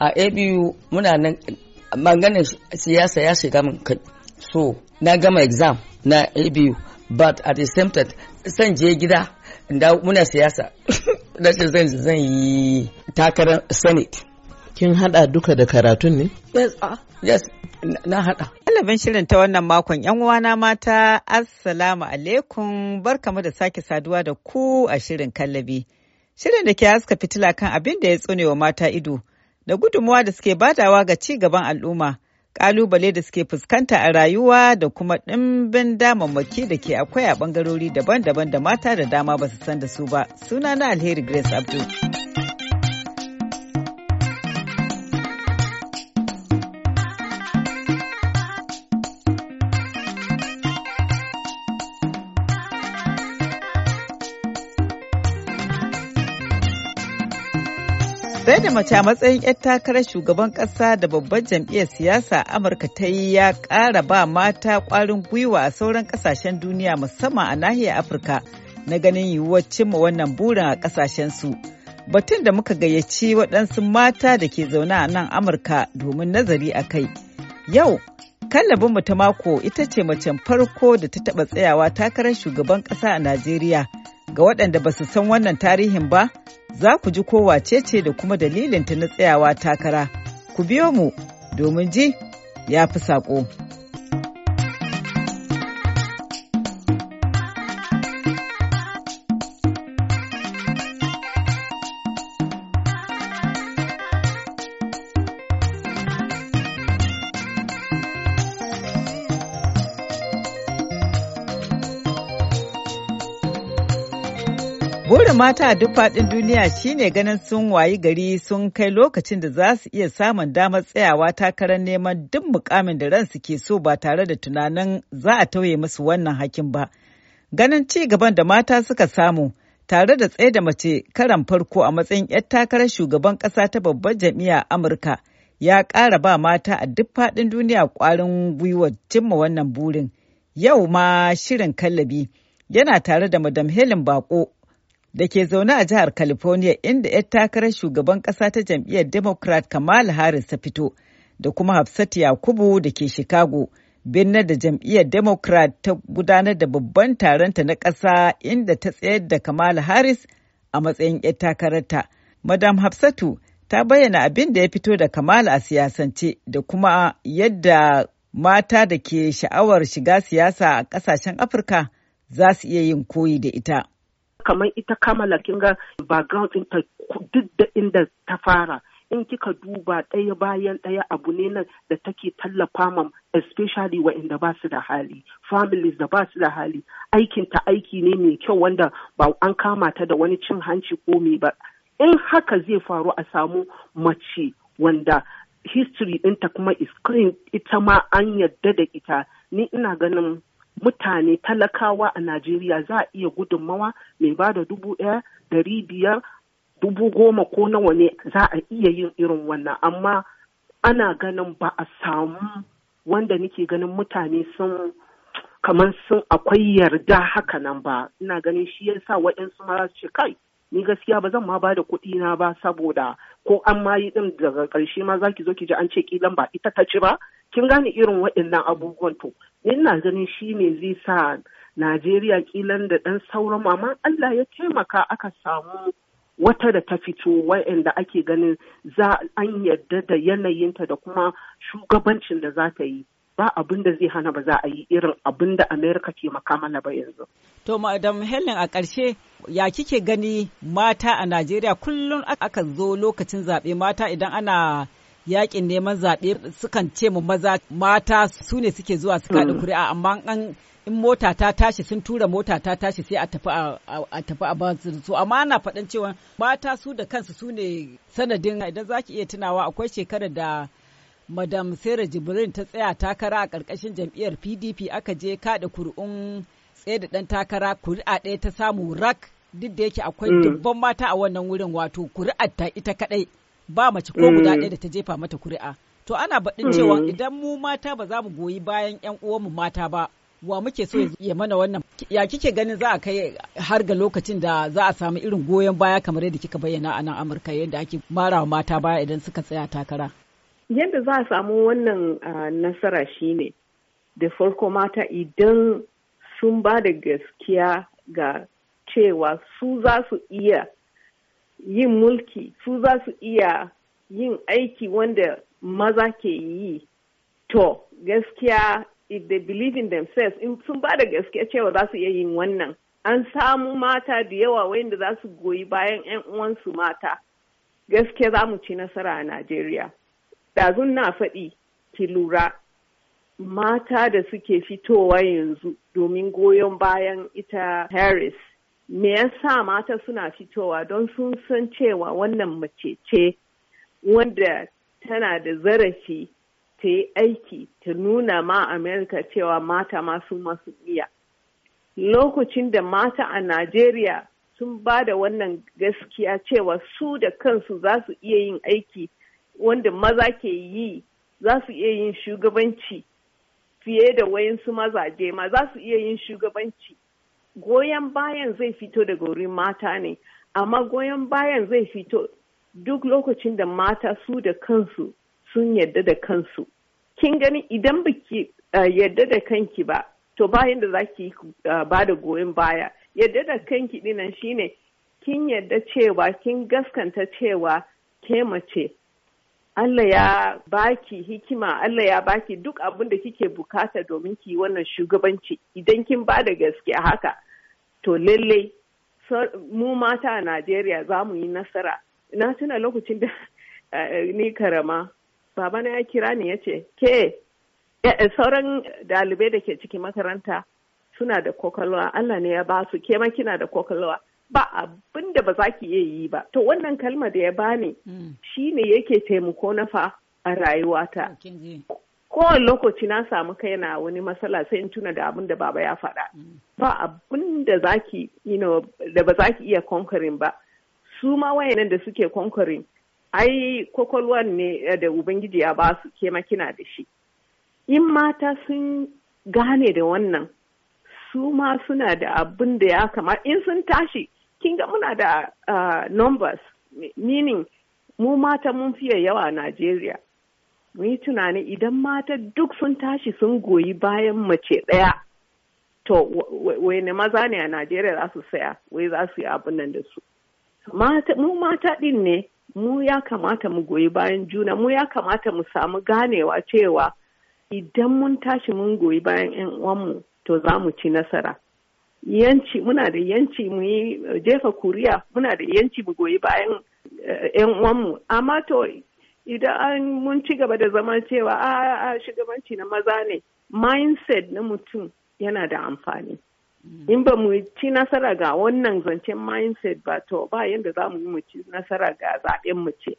a abu muna nan maganin siyasa ya shiga min kai so na gama exam na abu but at the same time san je gida da muna siyasa da shi zan zan yi takarar senate kin hada duka da karatun ne yes ah, yes na hada Kallabin shirin ta wannan makon ‘yan uwana mata, Assalamu alaikum, barkamu da sake saduwa da ku a shirin kallabi. Shirin da ke haska fitila kan abin da ya tsone wa mata ido, da gudunmuwa da suke badawa ga ci gaban al'umma, ƙalubale da suke fuskanta a rayuwa da kuma ɗimbin damammaki da ke akwai a ɓangarori daban-daban da mata da dama ba su san da su ba. suna na Alheri Grace Abdul. da mace a matsayin 'yar takarar shugaban kasa da babban jam'iyyar siyasa amurka ta yi ya ƙara ba mata kwarin gwiwa a sauran ƙasashen duniya musamman a nahiyar afirka na ganin yiwuwar cimma wannan burin a su. batun da muka gayyaci waɗansu mata da ke zaune a nan amurka domin nazari a kai yau mu ta mako ita ce macen farko da ta taɓa tsayawa takarar shugaban ƙasa a najeriya Ga waɗanda ba su san wannan tarihin ba, za ku ji ko ce da kuma dalilinta na tsayawa takara. Ku biyo mu domin ji ya fi saƙo. Burin mata a duk faɗin duniya shine ganin sun wayi gari sun kai lokacin da za su iya samun damar tsayawa takarar neman duk mukamin da ransu ke so ba tare da tunanin za a tauye musu wannan hakin ba. Ganin ci gaban da mata suka samu tare da tsaye da mace karan farko a matsayin 'yar takarar shugaban ƙasa ta babbar jam'i'a Amurka ya ƙara ba mata a duk faɗin duniya ƙwarin gwiwar cimma wannan burin. Yau ma shirin kallabi yana tare da Madam Helen Bako da ke zaune a jihar California inda 'yar takarar shugaban kasa ta jam'iyyar Democrat Kamala Harris ta fito da kuma Hafsat Yakubu da ke Chicago birnin da jam'iyyar Democrat ta gudanar da babban taronta na ƙasa inda ta tsayar da Kamala Harris a matsayin 'yar takararta. Madam Hafsatu ta bayyana abin da ya fito da Kamala a siyasance da kuma yadda mata da ke sha'awar shiga siyasa a ƙasashen Afirka za su iya yin koyi da ita. kamar ita kamala kinga background ɗinta duk da inda ta fara in kika duba ɗaya bayan ɗaya abu ne nan da take tallafa ma especially waɗanda ba su da hali families da ba su da hali aikin ta aiki ne mai kyau wanda ba an kama ta da wani cin hanci ko me ba in haka zai faru a samu mace wanda history ɗinta kuma is clean ita ma an yadda da ita ni ina ganin mutane talakawa a Najeriya za a iya gudunmawa mai ba da dubu ɗaya dari biyar dubu goma ko nawa ne za a iya yin irin wannan amma ana ganin ba a samu wanda nake ganin mutane sun kamar sun akwai yarda haka nan ba ina ganin shi ya sa waɗansu su ce kai ni gaskiya ba zan ma ba da kuɗi na ba saboda ko an ma yi ɗin daga ƙarshe ma zaki zo ki ji an ce kilan ba ita ta ci ba kin gane irin waɗannan abubuwan to ina ganin shi ne zai sa najeriya kilan da ɗan sauran maman allah ya taimaka aka samu wata da ta fito waɗanda ake ganin za an yarda da yanayinta da kuma shugabancin da za ta yi ba abin da zai hana ba za a yi irin abin da amerika ke mana ba yanzu to madam helen a ƙarshe ya kike gani mata a najeriya kullum aka zo lokacin zaɓe mata idan ana yakin neman zaɓe sukan ce mu maza mata su ne suke zuwa su kaɗi mm. kuri'a amma an in mota ta tashi sun tura mota ta tashi sai a tafi a tafi amma ana faɗin cewa mata su da kansu su ne sanadin idan za ki iya tunawa akwai shekarar da madam sarah jibrin ta tsaya takara a ƙarƙashin jam'iyyar pdp aka je kaɗa kuri'un tsaye da ɗan takara kuri'a ɗaya ta samu rak duk da yake akwai mm. dubban mata a wannan wurin wato kuri'a ta ita kaɗai ba mace ko guda mm. ɗaya da ta jefa mata kuri'a to ana baɗin mm. cewa idan mu mata ba za mu goyi bayan 'yan uwanmu mata ba wa muke so ya mm. mana wannan ya kike ganin za a kai har ga lokacin da za a samu irin goyon baya kamar yadda kika bayyana a nan amurka yadda ake marawa mata baya idan suka tsaya takara yadda za a samu wannan nasara shine da farko mata idan sun ba da gaskiya ga cewa su za su iya yin mulki su za su iya yin aiki wanda maza ke yi to gaskiya if they believe in themselves in sun ba da gaskiya cewa za su iya yin wannan an samu mata da yawa wayanda za su goyi bayan 'yan uwansu mata gaskiya za mu ci nasara a najeriya ɗazun na faɗi ki lura mata da suke fitowa yanzu domin goyon bayan ita harris me ya sa mata suna fitowa don sun san cewa wannan mace ce wanda tana da zarafi ta yi aiki ta nuna ma amerika cewa mata masu masu iya lokacin da mata a najeriya sun ba da wannan gaskiya cewa su da kansu za su iya yin aiki wanda maza ke yi za su iya yin shugabanci fiye da wayansu mazaje ma za su iya yin shugabanci goyon bayan zai fito daga wurin mata ne amma goyon bayan zai fito duk lokacin da mata su da kansu sun yadda da kansu kin gani idan baki eh, yadda da kanki ba to bayan da zaki eh, ba da goyon baya yadda da kanki dinan shine kin yadda cewa kin gaskanta cewa ke mace Allah ya baki hikima, Allah ya baki duk abin da kike bukata domin ki wannan shugabanci. Idan kin ba da gaske haka, to lalle mu mata a Najeriya za mu yi nasara. Na tuna lokacin da eh, ni karama, babana ya kira ni ya ce, ke eh, eh, sauran dalibai da ke cikin makaranta suna da kokalwa, Allah ne ya ba su, ke ma kina da kokalwa. ba abin da ba za ki iya yi ba to wannan kalma da ya bani mm. shi ne yake taimako na fa a rayuwata oh, kowane lokaci na samu kai kaina wani matsala sai in tuna da abin da baba ya faɗa mm. ba abin da za ki da ba za ki iya conquering ba su ma wayanan da suke conquering ai kwakwalwar ne da ubangiji ya ba su ke makina da shi in mata sun gane da wannan su ma suna da abin da ya kama in sun tashi kin ga muna da uh, numbers meaning mu mata mun fiye yawa a Najeriya. Mu yi tunani idan mata duk sun tashi sun goyi bayan mace ɗaya. To, wai ne maza ne a Najeriya za su saya, wai za su yi abin nan da su. Mu mata ɗin ne, mu ya kamata mu goyi bayan juna, mu ya kamata mu samu ganewa cewa idan mun tashi mun goyi bayan 'yan uwanmu, to za mu ci nasara. yanci muna da yanci mu yi uh, jefa kuriya muna da yanci mu goyi bayan yan uh, uwanmu amma to idan mun ci gaba da zaman cewa a shugabanci na maza ne mindset na mutum yana da amfani mm. in ba mu ci nasara ga wannan zancen mindset ba to ba yadda za mu yi mu ci nasara ga zaɓen mu ce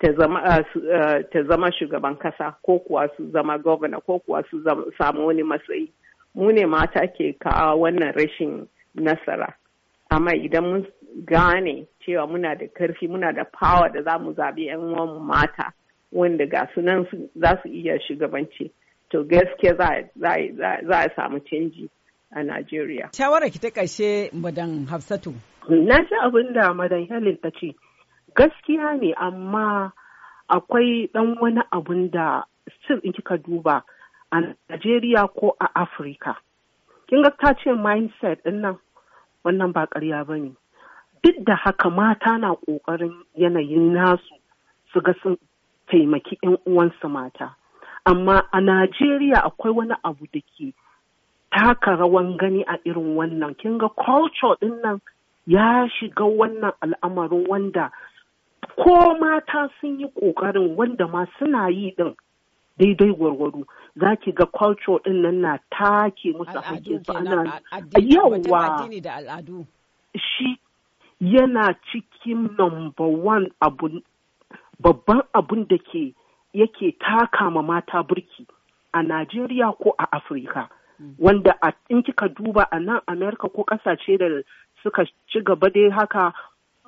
ta zama uh, shugaban kasa ko kuwa su zama gwamna ko kuwa su samu wani matsayi mu ne mata ke kawo wannan rashin nasara amma idan mun gane cewa muna da karfi muna da power da za mu zaɓi 'yan uwanmu mata wanda ga sunan za su iya shugabanci to gaske za a samu canji a Najeriya. shawarar ki ta ƙarshe madan Hafsatu. Na ji abin da madan Helen ta ce gaskiya ne amma akwai ɗan wani abun da still in kika duba a Najeriya ko a Afirka. Kin ga ta ce mindset din nan wannan ba ƙarya ba ne. Duk da haka mata na ƙoƙarin yanayin nasu su ga sun taimaki 'yan uwansu mata. Amma a Najeriya akwai wani abu da ke taka rawan gani a irin wannan. Kin ga culture din nan ya shiga wannan al'amarin wanda ko mata sun yi ƙoƙarin wanda ma suna yi din. daidai gwargwado za ki ga culture din nan na take musu hakkin su ana yawa shi yana cikin number one abun babban abun da ke yake taka ma mata burki a Najeriya ko a Afirka. Mm. Wanda a, in kika duba a nan Amerika ko kasashe da suka ci gaba dai haka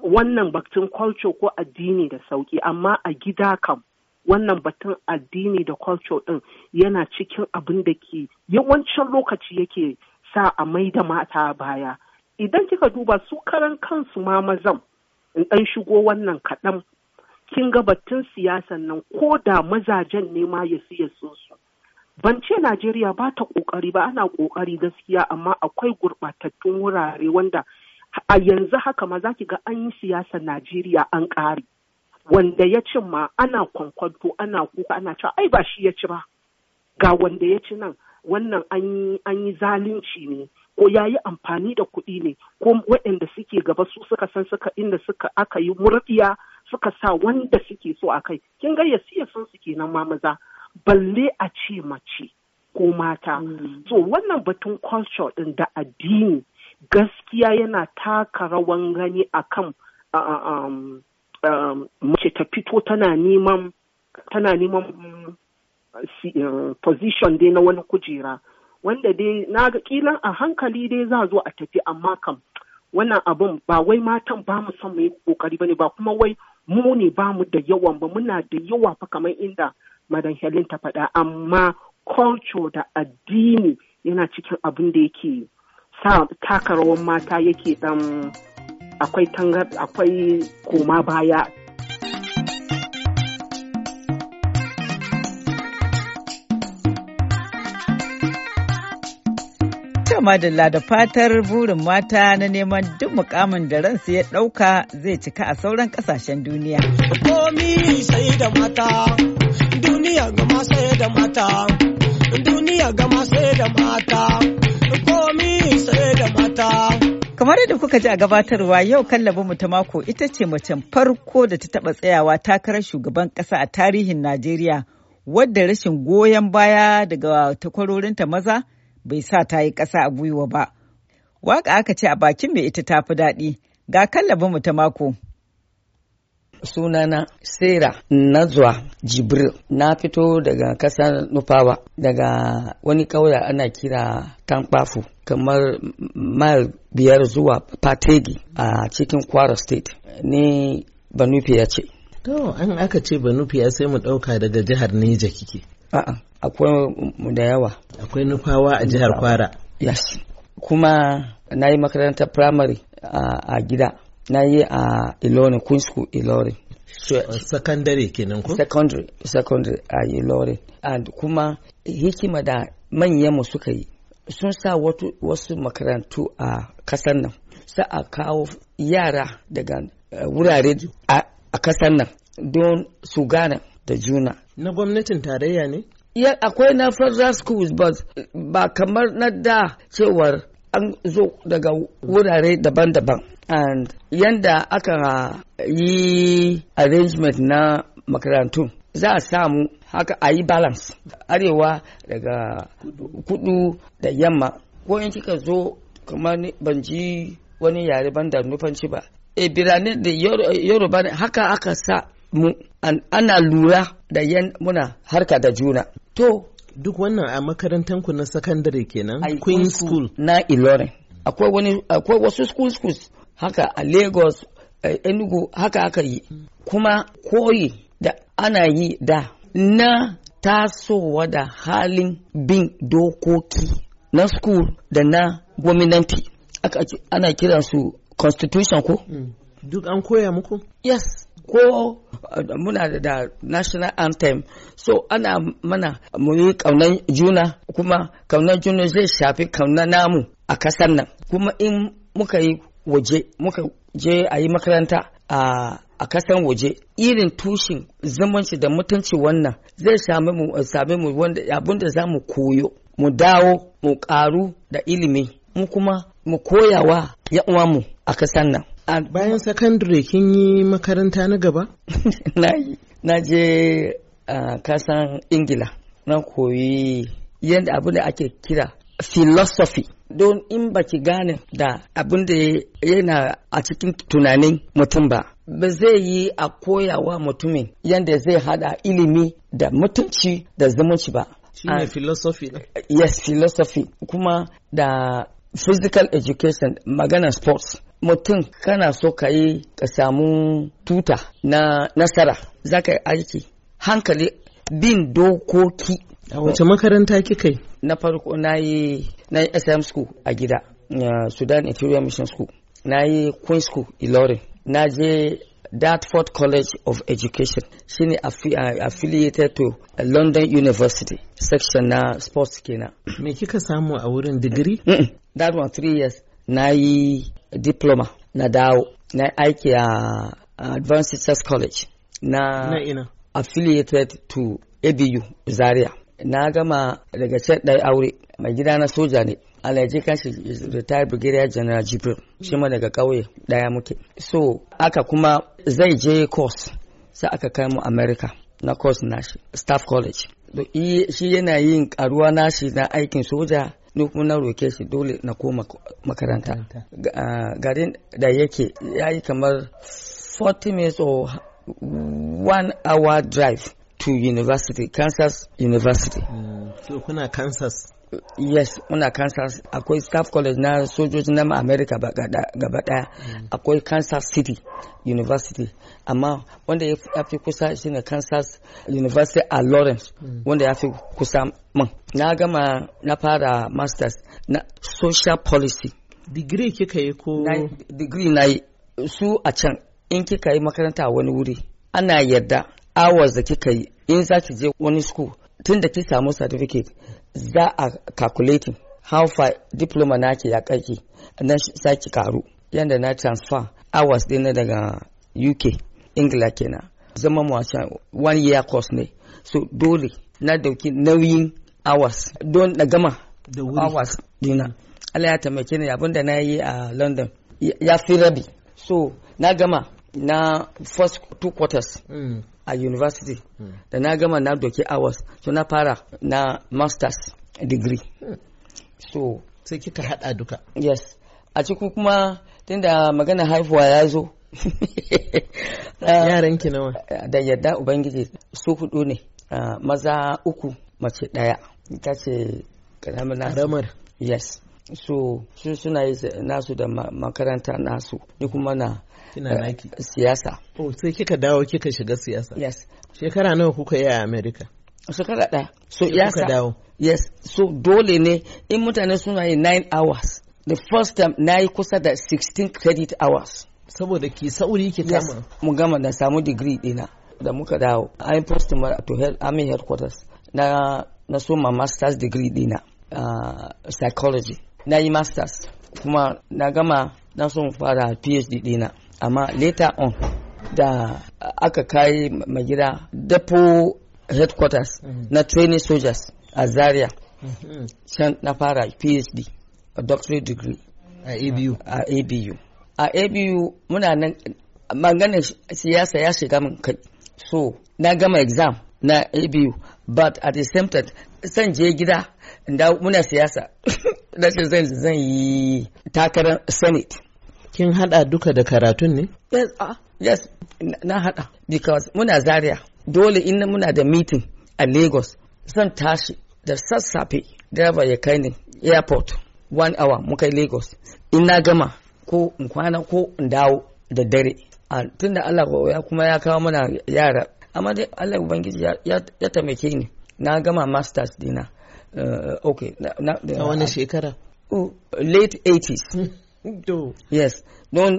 wannan baktin culture ko addini da sauki amma a gida kam wannan batun addini da culture ɗin yana cikin abin da ke yawancin lokaci yake sa a mai da mata baya idan kika duba su karan kansu ma mazan in ɗan shigo wannan kaɗan kin ga batun siyasan nan ko da mazajen ne ma ya siya su ban ce Najeriya ba ta ƙoƙari ba ana ƙoƙari gaskiya amma akwai gurɓatattun wurare wanda a yanzu haka ma za ki ga an yi siyasar Najeriya an ƙare. wanda ya ci ma ana kwankwanto ana kuka ana cewa ai ba shi ya ci ba ga wanda ya ci nan wannan an yi zalunci ne ko ya yi amfani da kuɗi ne ko waɗanda suke gaba su suka san suka inda suka aka yi murɗiya suka sa wanda suke so a kai kin ga ya siya sun suke nan ma maza balle a ce mace ko mata mm. so wannan batun culture ɗin da addini gaskiya yana taka rawan gani akan um, Um, mace ta fito tana neman tana neman uh, uh, position dai na wani kujera wanda dai na ga kila a hankali dai za zo a tafi amma kam wannan abun ba wai matan ba mu son mu yi kokari bane ba kuma wai mu ne ba mu da yawan ba muna da yawa fa kamar inda madan Helen ta faɗa amma culture da addini yana cikin abin da yake sa taka rawan mata yake dan um, akwai tangar akwai koma baya madalla da fatar burin mata na neman duk mukamin da ransu ya ɗauka zai cika a sauran ƙasashen duniya. Komi sai da mata, duniya gama sai da mata, duniya gama sai da mata. kamar yadda kuka ji a gabatarwa yau kallabin mu ta mako ita ce macen farko da ta taba tsayawa takarar shugaban kasa a tarihin najeriya wadda rashin goyon baya daga takwarorinta maza bai sa ta yi kasa a gwiwa ba waka aka ce a bakin mai ita tafi daɗi ga kallabin mu ta mako sunana Sera Nazwa Jibril na fito daga kasar Nufawa daga wani ƙauye ana kira Tankpafu kamar mile biyar zuwa Pategi a cikin Kwara State ni Banufiya ce. To an aka ce Banufiya sai mu ɗauka daga jihar Neja kike. A'a akwai mu da yawa. Akwai Nufawa a jihar Kwara. Yes. Kuma na yi makarantar primary a gida. na yi a ilorin queen school ilorin so uh, secondary kenan ko secondary secondary a ilorin and kuma hikima da manyan mu suka yi sun sa wasu makarantu a kasar nan sa a kawo yara daga uh, wurare a kasar nan don su gane da juna na gwamnatin tarayya ne akwai na federal schools but ba kamar na da cewar an zo daga wurare daban-daban and yanda aka yi arrangement na makarantu za a samu haka a yi balance arewa daga kudu da yamma ko in kika zo kamar ban ji wani yare ban da nufanci ba e birane da yoruba haka aka sa mu ana lura da yan muna harka da juna to duk wannan a makarantar ku na sakandare kenan queen school na ilorin akwai akwai wasu school schools haka a lagos enugu haka aka yi kuma koyi da ana yi da na tasowa da halin bin dokoki na school da na gwamnati ana kiransu constitution ko hmm. duk an koya muku yes ko uh, muna da, national anthem so ana mana muyi kaunan juna kuma kaunan juna zai shafi kaunan namu a kasar nan kuma in muka yi waje muka je a yi makaranta a a kasan waje irin tushen zumunci da mutunci wannan zai same mu wanda abin da za mu koyo mu dawo mu karu da ilimi mu kuma mu koyawa ya mu a kasan nan bayan sakandare kin yi makaranta na gaba na yi na je a kasan ingila na koyi yadda abin da ake kira philosophy don in baki gane da abin da yana a cikin tunanin mutum ba ba zai yi a koyawa mutumin yadda zai hada ilimi da mutunci da zumunci ba shine ah. philosophy ne yes philosophy kuma da physical education magana sports mutum kana so ka yi ka samu tuta na nasara za ka yi aiki hankali bin dokoki A wace makaranta kika yi? Na farko na yi na yi SM school a gida, uh, Sudan Interior Mission School. Na yi Queen School Ilorin. Na je Dartford College of Education shine uh, affiliated to London University section na sports kenan. Me kika samu a wurin digiri? That one three years na yi diploma na dawo na aiki a Advanced Sex College na, na ina. affiliated to ABU Zaria. na gama daga can ɗai aure mai gida na soja ne alhaji kanshi retired brigadier general jibril shi ma daga ƙauye ɗaya muke so aka kuma zai je course sai aka kai mu america na course nashi staff college shi yana yin karuwa nashi na aikin soja ni kuma na roke shi dole na koma makaranta garin da yake ya yi kamar 40 minutes or one hour drive to university kansas university mm. so kuna kansas yes muna kansas akwai staff college na sojoji na america gaba daya mm. akwai kansas city university amma wanda ya fi kusa shine kansas university a lawrence mm. wanda ya fi kusa man na gama na fara masters na social policy degree kika yi ko degree na yi su a can in kika yi makaranta a wani wuri ana yarda hours da kika yi in za ki je wani school tun da ki samu certificate za a calculating how far diploma naki ya kaki na saki karu yadda na transfer hours dina daga uk ingila kenan zama wasan one year course ne so dole na dauki nauyin hours don na gama da hours dina Allah ya taimake ni abinda na yi a london ya fi rabi so na gama na first two quarters mm. a university hmm. da na gama na doki hours so na fara na masters degree so sai kika hada duka yes a cikin kuma tunda magana haifuwa ya zo yaran ki nawa eh, da yadda ubangiji su hudu ne ah, maza uku mace daya ita ce karamar yes so su suna yi nasu da makaranta nasu ni kuma na eh, siyasa oh sai kika dawo kika shiga siyasa yes shekara nawa kuka yi a america shekara da. so ya Kuka dawo yes so dole ne in mutane suna yi 9 hours the first time na yi kusa da 16 credit hours saboda ki sauri ki kama mu gama na samu digiri dina da muka dawo an postuma to head army headquarters na na ma master's degree dina uh, ah, psychology na yi masters kuma na gama na son fara phd dina amma later on da aka kai magida depo headquarters mm -hmm. na training soldiers a zaria mm -hmm. can na fara phd a doctorate degree a abu a abu a abu muna nan maganin siyasa ya shiga min kai so na gama exam na abu but at the same time san je gida da muna siyasa da shi zan zan yi takarar senate kin hada duka da karatun ne yes uh, yes na hada because muna zaria dole in muna da meeting a lagos zan tashi da sassafe driver ya kai ni airport one hour muka lagos in na gama ko in kwana ko in dawo da dare ah, tunda Allah ya kuma ya kawo mana yara amma dai Allah ubangiji ya taimake ni na gama masters dina eh, ok Na wani shekara oh, late 80s do yes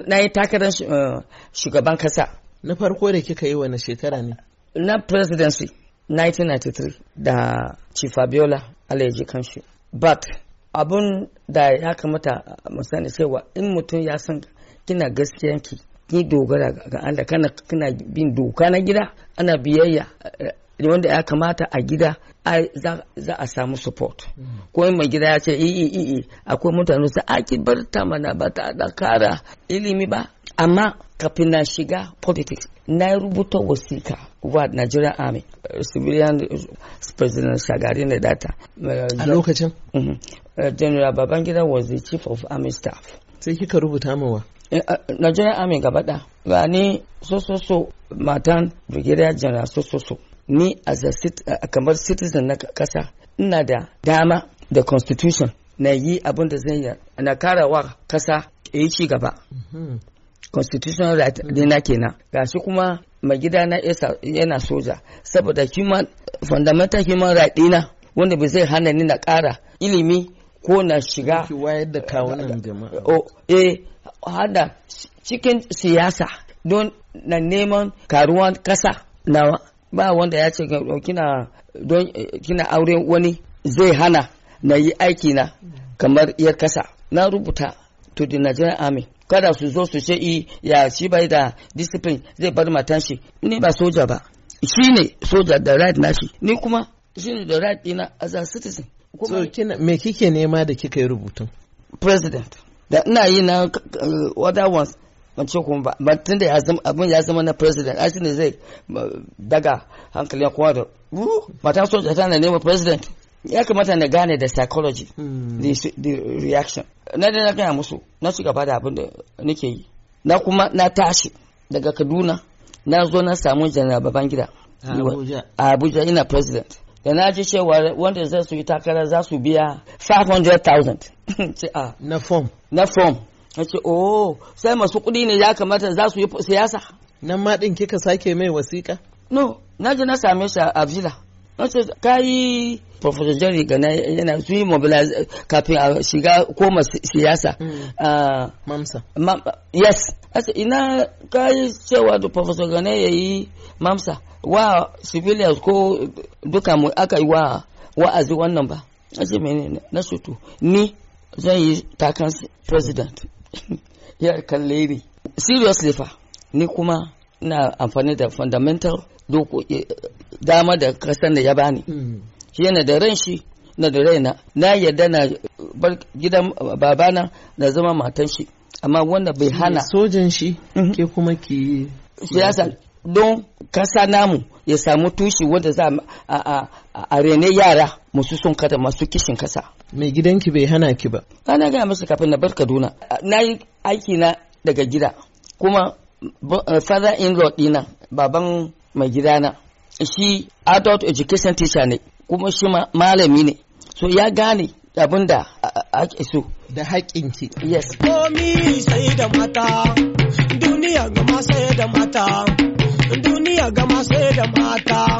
na yi takarar eh, shugaban kasa na farko da kika yi wani shekara ne na presidency 1993 da chief Fabiola alayyaji kanshi but abun da ya kamata mu sani cewa in mutum ya san kina gaskiyanki ki dogara ga Allah kana kana bin doka na gida ana biyayya eh, wanda ya kamata a gida za a samu support hmm. ko mai gida ya ce iyi eh, iyi eh, akwai mutane su aki bar ta mana ba ta da kara ilimi ba amma kafin na shiga politics na rubuta wasika wa Nigerian Army civilian president Shagari na data a lokacin mhm. General Babangida was the chief of army staff sai kika rubuta mawa Eh, eh, Nigerian Army gaba da ga ni so so so matan Brigadier General so so so ni as a kamar citizen na kasa ina da dama da constitution na yi abin da zan yi na karawa kasa yi ci gaba mm-hmm. constitutional right na kenan shi kuma mai gida na yana soja saboda human fundamental human right dina wanda bai zai hana ni na kara ilimi ko na shiga wayar da kawunan jama'a eh, hada cikin siyasa don na neman karuwan kasa nawa ba wanda ya ce eh, kina don kina auren wani zai hana na yi aiki na kamar iya kasa na rubuta to the Nigerian army kada su zo su ce ya shi bai da discipline zai bar matan shi ni ba soja ba shi ne soja da right na shi ni kuma shi ne da right dina as a citizen so me kike nema da kika yi rubutun president da ina yi na uh, other ones ban kuma ba tun da abin ya zama na president ai ne zai daga hankalin kowa da mata soja tana nema president ya kamata na gane da psychology hmm. the reaction na da na gaya musu na ci gaba da abin da nake yi na kuma na tashi daga kaduna na zo na samu janar babangida a abuja ina president da na ji cewa wanda zai su yi takara za su biya 500,000 ah, na form na form na ce oh sai masu kudi ne ya kamata za su yi siyasa nan ma din kika sake mai wasiƙa no na ji na same shi a villa Masu kayi Professor Jerry Gana yana su yi mobilize kafin a shiga koma siyasa. Hmm. Ah, mamsa. Yes. Asa ina kayi cewa da Professor Gana ya yi mamsa wa civilians ko duka mu aka yi wa wa'azi wannan ba. Asa menene na sutu ni zan yi takan president. ya kalle ni. Seriously fa ni kuma na amfani da fundamental dokoki dama da kasan da ya bani hmm. shi yana da ran shi na da raina na yarda na bar gidan babana na zama matan shi amma wanda bai hana sojan shi mhm. ke kuma ki siyasa don kasa namu ya samu tushe wanda za a rene yara musu sun kada masu kishin kasa mai gidanki bai hana ki ba na gaya masa kafin na bar kaduna na yi aiki na daga gida kuma father in law dina baban mai gidana shi adult education teacher ne kuma shi malami ne so ya gane abin da ake so da ki yes komi sai da mata duniya gama sai da mata duniya gama sai da mata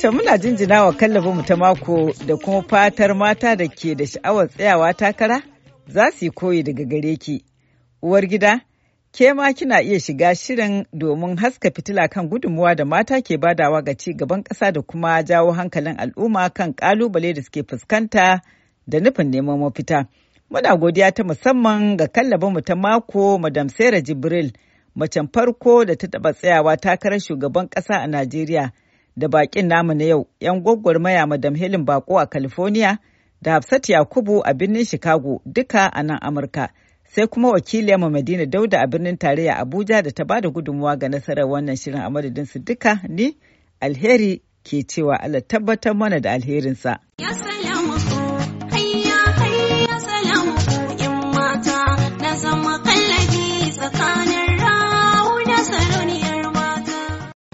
ta muna jinjina wa mu ta mako da kuma fatar mata da ke da sha'awar tsayawa takara za su yi koyi daga gare ki uwar gida Ke ma kina iya shiga shirin domin haska fitila kan gudunmuwa da mata ke badawa ga ci gaban ƙasa da kuma jawo hankalin al'umma kan ƙalubale da suke fuskanta da nufin neman mafita. Muna godiya ta musamman ga kallabinmu ta mako Madam Sarah Jibril, macen farko da ta taɓa tsayawa takarar shugaban ƙasa a Najeriya da baƙin namu na yau, 'yan gwaggwarmaya Madam Helen Bako a California da Hafsat Yakubu a birnin Chicago duka a nan Amurka. sai kuma wakiliya ma Madina Dauda a birnin tarayya Abuja da ta bada gudunmuwa ga nasarar wannan shirin a madadin su duka ni alheri ke cewa Allah tabbatar mana da alherinsa.